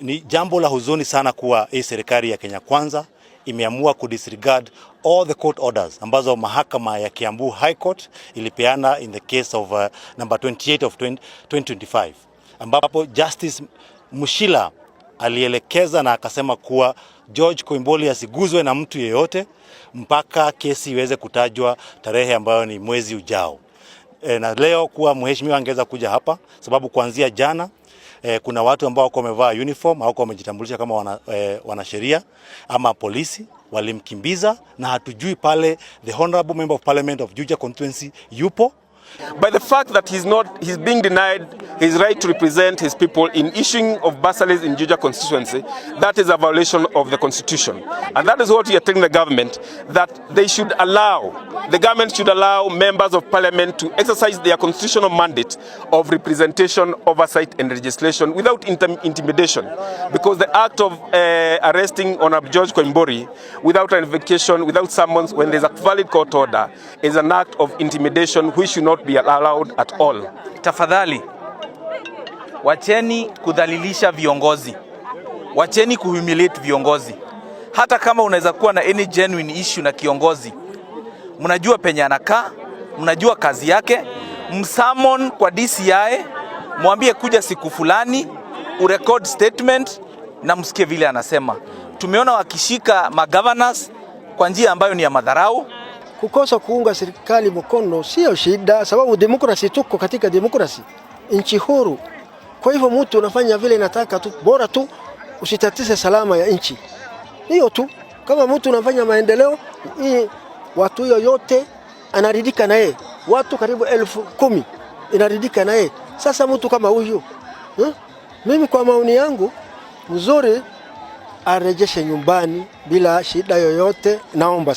Ni jambo la huzuni sana kuwa hii serikali ya Kenya Kwanza imeamua disregard all the court orders ambazo mahakama ya Kiambu High Court ilipeana in the case of uh, number 28 of 20, 2025 ambapo Justice Mushila alielekeza na akasema kuwa George Koimboli asiguzwe na mtu yeyote mpaka kesi iweze kutajwa tarehe ambayo ni mwezi ujao. E, na leo kuwa mheshimiwa angeweza kuja hapa sababu kuanzia jana eh, kuna watu ambao wako wamevaa uniform au wamejitambulisha kama wana, eh, wanasheria ama polisi walimkimbiza, na hatujui pale the honorable member of parliament of Juja constituency yupo By the fact that he's not he's being denied his right to represent his people in issuing of bursaries in Juja constituency, that is a violation of the constitution. And that is what we are telling the government, that they should allow, the government should allow members of parliament to exercise their constitutional mandate of representation, oversight and legislation without intimidation. Because the act of uh, arresting Honorable George Koimbori without an invocation, without summons, when there's a valid court order, is an act of intimidation which should not not be allowed at all. Tafadhali wacheni kudhalilisha viongozi, wacheni kuhumiliate viongozi. Hata kama unaweza kuwa na any genuine issue na kiongozi, mnajua penye anakaa, mnajua kazi yake, msamon kwa DCI, mwambie kuja siku fulani urecord statement na msikie vile anasema. Tumeona wakishika magovernors kwa njia ambayo ni ya madharau kukosa kuunga serikali mkono sio shida, sababu demokrasi, tuko katika demokrasi, nchi huru. Kwa hivyo mtu unafanya vile nataka tu, bora tu usitatize salama ya nchi hiyo tu. Kama mtu unafanya maendeleo hii, watu yote anaridika naye, watu karibu elfu kumi inaridika naye. Sasa mtu kama huyu hmm? Mimi kwa maoni yangu mzuri arejeshe nyumbani bila shida yoyote, naomba.